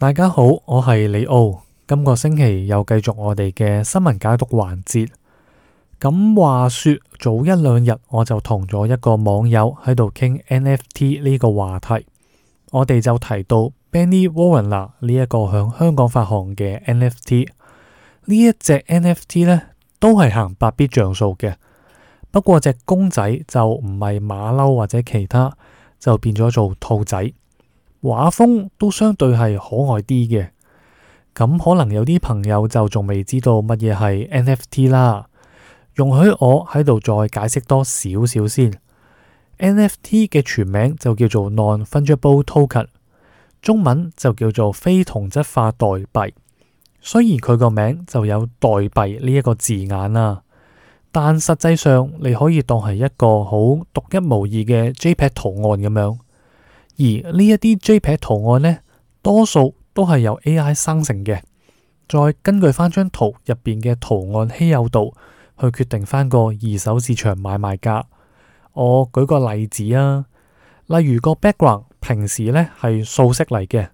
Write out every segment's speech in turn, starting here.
大家好，我係李奧。今個星期又繼續我哋嘅新聞解讀環節。咁話說早一兩日我就同咗一個網友喺度傾 NFT 呢個話題。我哋就提到 Bunny Warriors 啦，呢一個響香港發行嘅 NFT 呢一隻 NFT 呢都係行 8-bit 像素嘅。不過隻公仔就唔係馬騮或者其他，就變咗做兔仔。畫風都相對係可愛啲嘅，咁可能有啲朋友就仲未知道乜嘢係 NFT 啦。容許我喺度再解釋多少少先。NFT 嘅全名就叫做 Non-Fungible Token，中文就叫做非同質化代幣。雖然佢個名就有代幣呢一個字眼啦，但實際上你可以當係一個好獨一無二嘅 JPEG 圖案咁樣。而呢一啲 JPG 圖案呢，多數都係由 AI 生成嘅。再根據翻張圖入邊嘅圖案稀有度去決定翻個二手市場買賣價。我舉個例子啊，例如個 background 平時呢係素色嚟嘅，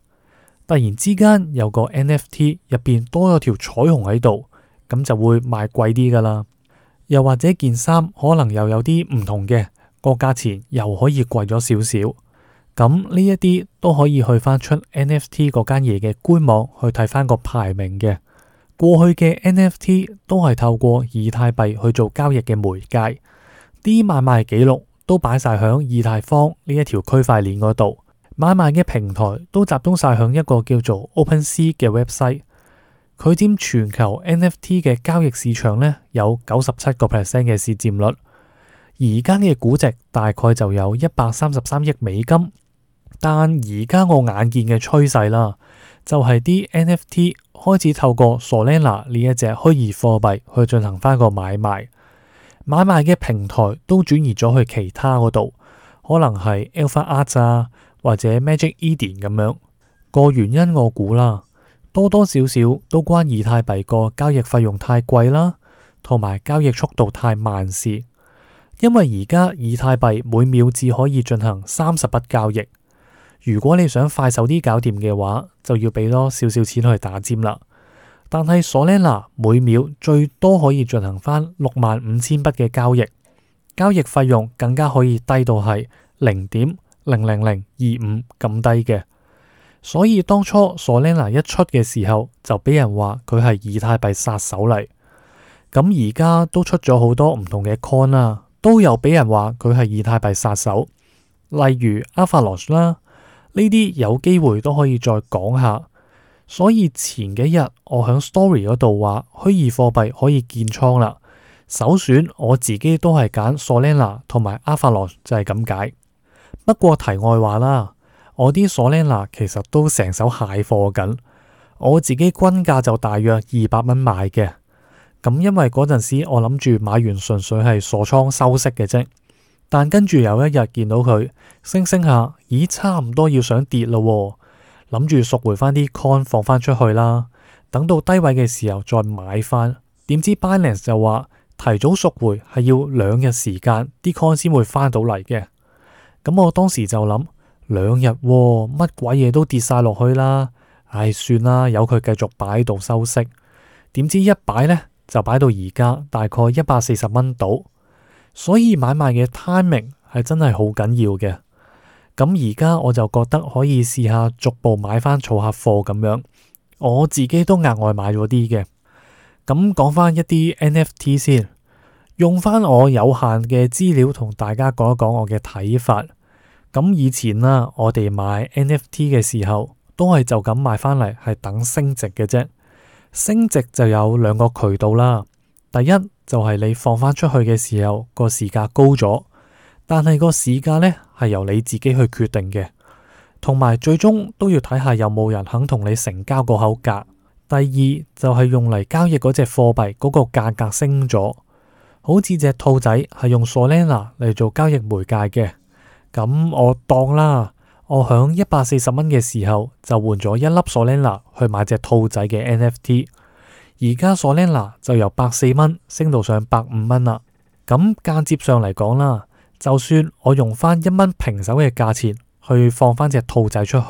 突然之間有個 NFT 入邊多咗條彩虹喺度，咁就會賣貴啲噶啦。又或者件衫可能又有啲唔同嘅，個價錢又可以貴咗少少。咁呢一啲都可以去翻出 NFT 嗰間嘢嘅官網去睇翻個排名嘅。過去嘅 NFT 都係透過以太幣去做交易嘅媒介，啲買賣，賣記錄都擺晒響以太坊呢一條區塊鏈嗰度，買賣嘅平台都集中晒響一個叫做 OpenSea 嘅 website。佢佔全球 NFT 嘅交易市場呢，有九十七個 percent 嘅市佔率，而家嘅估值大概就有一百三十三億美金。但而家我眼見嘅趨勢啦，就係、係、啲 NFT 開始透過 Solana 呢一隻虛擬貨幣去進行翻個買賣，買賣嘅平台都轉移咗去其他嗰度，可能係 Alpha Art 啊或者 Magic Eden 咁樣個原因。我估啦，多多少少都關以太幣個交易費用太貴啦，同埋交易速度太慢事，因為而家以太幣每秒只可以進行三十筆交易。如果你想快手啲搞掂嘅話，就要俾多少少錢去打尖啦。但係索 o l n aSolana 每秒最多可以進行翻六萬五千筆嘅交易，交易費用更加可以低到係零點零零零二五咁低嘅。所以當初索 o l n aSolana 一出嘅時候就俾人話佢係以太幣殺手嚟。咁而家都出咗好多唔同嘅 c o nCoin 啦、啊，都有俾人話佢係以太幣殺手，例如阿法羅斯啦。呢啲有機會都可以再講下，所以前幾日我喺 story 嗰度話虛擬貨幣可以建倉啦，首選我自己都係揀 Solana 同埋阿法羅，就係咁解。不過題外話啦，我啲 Solana 其實都成手蟹貨緊，我自己均價就大約二百蚊買嘅，咁因為嗰陣時我諗住買完純粹係鎖倉收息嘅啫。但跟住有一日見到佢升升下，咦，差唔多要想跌咯、喎，諗住贖回翻啲 coin 放翻出去啦，等到低位嘅時候再買翻。點知 Binance 就話提早贖回係要兩日時間，啲 coin 先會翻到嚟嘅。咁我當時就諗兩日乜、喎、鬼嘢都跌晒落去啦，唉、哎，算啦，由佢繼續擺度收息。點知一擺呢，就擺到而家大概一百四十蚊到。所以買賣嘅 timing 係真係好緊要嘅。咁而家我就覺得可以試下逐步買翻儲客貨咁樣。我自己都額外買咗啲嘅。咁講翻一啲 NFT 先，用翻我有限嘅資料同大家講一講我嘅睇法。咁以前啦、啊，我哋買 NFT 嘅時候都係就咁買翻嚟，係等升值嘅啫。升值就有兩個渠道啦。第一。就係你放返出去嘅時候，個市價高咗，但係個市價呢，係由你自己去決定嘅，同埋最終都要睇下有冇人肯同你成交個口價。第二就係、是、用嚟交易嗰隻貨幣嗰個價格升咗，好似隻兔仔係用 Solana 嚟做交易媒介嘅，咁我當啦，我響一百四十蚊嘅時候就換咗一粒 Solana 去買隻兔仔嘅 NFT。而家 Solana，就由百四蚊升到上百五蚊啦。咁間接上嚟講啦，就算我用翻一蚊平手嘅價錢去放翻隻兔仔出去，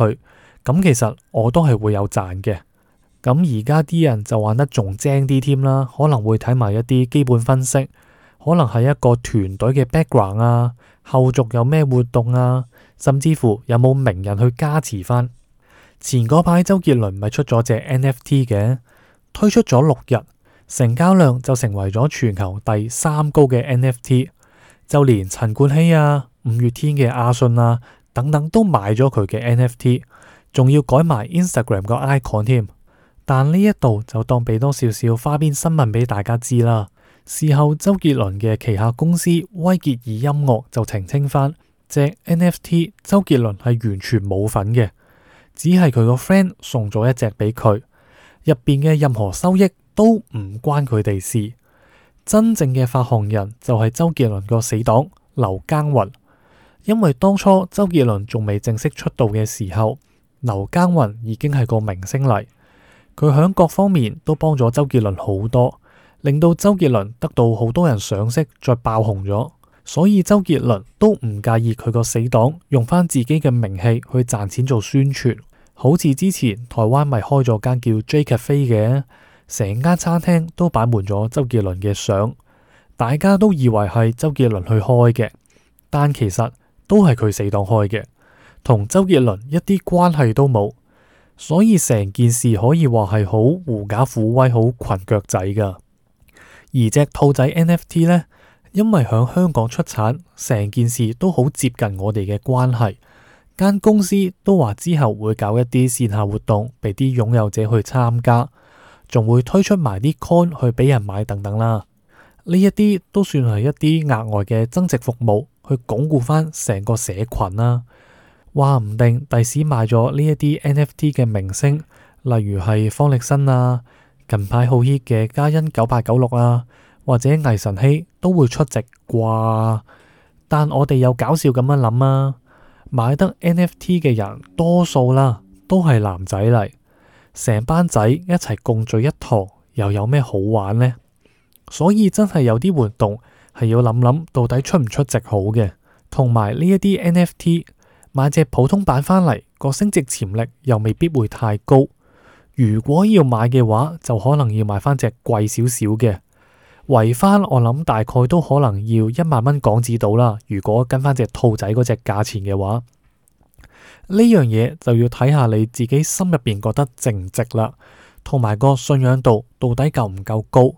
咁其實我都係會有賺嘅。咁而家啲人就玩得仲精啲添啦，可能會睇埋一啲基本分析，可能係一個團隊嘅 background 啊，後續有咩活動啊，甚至乎有冇名人去加持翻。前嗰排周杰倫咪出咗隻 NFT 嘅。推出咗六日，成交量就成為咗全球第三高嘅 NFT。就連陳冠希啊、五月天嘅阿信啊等等都買咗佢嘅 NFT，仲要改埋 Instagram 個 icon 添。但呢一度就當俾多少少花邊新聞俾大家知啦。事後周杰倫嘅旗下公司威杰爾音樂就澄清翻，隻 NFT 周杰倫係完全冇份嘅，只係佢個 friend 送咗一隻俾佢。入邊嘅任何收益都唔關佢哋事，真正嘅發行人就係周杰倫個死黨劉耕雲，因為當初周杰倫仲未正式出道嘅時候，劉耕雲已經係個明星嚟，佢響各方面都幫咗周杰倫好多，令到周杰倫得到好多人賞識再爆紅咗，所以周杰倫都唔介意佢個死黨用翻自己嘅名氣去賺錢做宣傳。好似之前台灣咪開咗間叫 J Cafe 嘅，成間餐廳都擺滿咗周杰倫嘅相，大家都以為係周杰倫去開嘅，但其實都係佢死黨開嘅，同周杰倫一啲關係都冇，所以成件事可以話係好狐假虎威，好裙腳仔㗎。而隻兔仔 NFT 呢，因為響香港出產，成件事都好接近我哋嘅關係。間公司都話之後會搞一啲綫下活動，俾啲擁有者去參加，仲會推出埋啲 coin 去俾人買，等等啦。呢一啲都算係一啲額外嘅增值服務，去鞏固翻成個社群啦、啊。話唔定第時賣咗呢一啲 NFT 嘅明星，例如係方力申啊，近排好 heat 嘅嘉欣九八九六啊，或者魏神希都會出席啩。但我哋又搞笑咁樣諗啊～買得 NFT 嘅人多數啦，都係男仔嚟，成班仔一齊共聚一堂，又有咩好玩呢？所以真係有啲活動係要諗諗到底出唔出席好嘅，同埋呢一啲 NFT 買隻普通版返嚟，個升值潛力又未必會太高。如果要買嘅話，就可能要買翻隻貴少少嘅。圍返我諗大概都可能要一萬蚊港紙到啦，如果跟翻隻兔仔嗰隻價錢嘅話，呢樣嘢就要睇下你自己心入邊覺得值唔值啦，同埋個信仰度到底夠唔夠高。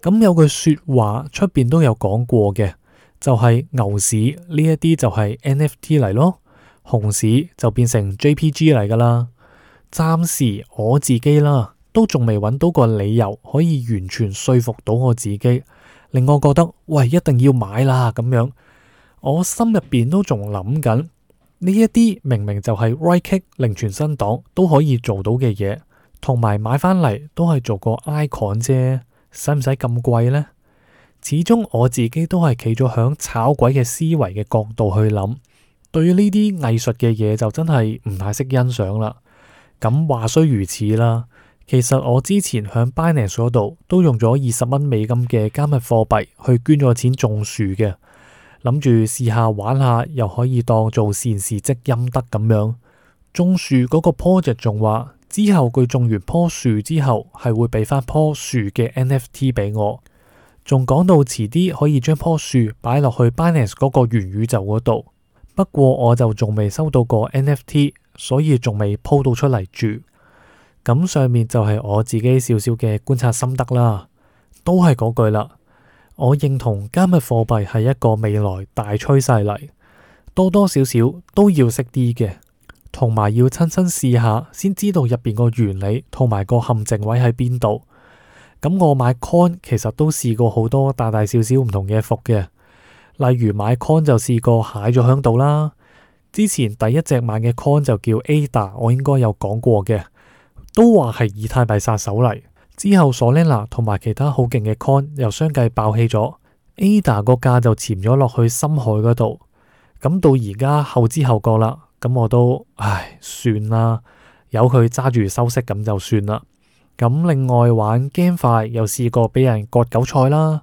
咁有句說話出邊都有講過嘅，就係牛市呢一啲就係 NFT 嚟咯，熊市就變成 JPG 嚟噶啦。暫時我自己啦。都仲未揾到個理由可以完全說服到我自己，令我覺得喂，一定要買啦咁樣。我心入邊都仲諗緊呢一啲，明明就係 right click 另存新檔都可以做到嘅嘢，同埋買翻嚟都係做個 icon 啫，使唔使咁貴呢？始終我自己都係企咗響炒鬼嘅思維嘅角度去諗，對於呢啲藝術嘅嘢就真係唔太識欣賞啦。咁話雖如此啦。其實我之前喺 Binance 嗰度都用咗二十蚊美金嘅加密貨幣去捐咗錢種樹嘅，諗住試下玩下，又可以當做善事積陰德咁樣。種樹嗰個 project 仲話，之後佢種完棵樹之後係會畀翻棵樹嘅 NFT 俾我，仲講到遲啲可以將棵樹擺落去 Binance 嗰個元宇宙嗰度。不過我就仲未收到過 NFT，所以仲未鋪到出嚟住。咁上面就係我自己少少嘅觀察心得啦，都係嗰句啦。我認同加密貨幣係一個未來大趨勢嚟，多多少少都要識啲嘅，同埋要親身試下先知道入邊個原理同埋個陷阱位喺邊度。咁、嗯、我買 Coin 其實都試過好多大大小小唔同嘅服嘅，例如買 Coin 就試過蟹咗響度啦。之前第一隻買嘅 Coin 就叫 Ada，我應該有講過嘅。都話係以太幣殺手嚟，之後 Solana 同埋其他好勁嘅 Coin 又相繼爆起咗，ADA 個價就潛咗落去深海嗰度。咁到而家後知後覺啦，咁我都唉算啦，由佢揸住收息咁就算啦。咁另外玩 g 快又試過俾人割韭菜啦，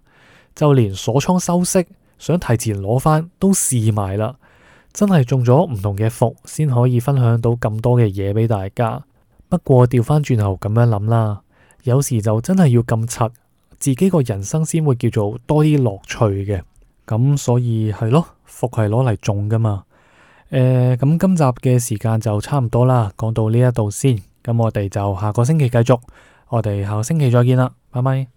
就連鎖倉收息想提前攞翻，都試埋啦。真係中咗唔同嘅福，先可以分享到咁多嘅嘢俾大家。不過調返轉頭咁樣諗啦，有時就真係要咁柒，自己個人生先會叫做多啲樂趣嘅。咁、嗯、所以係咯，福係攞嚟種㗎嘛。誒、呃、咁、嗯、今集嘅時間就差唔多啦，講到呢一度先。咁、嗯、我哋就下個星期繼續，我哋下個星期再見啦，拜拜。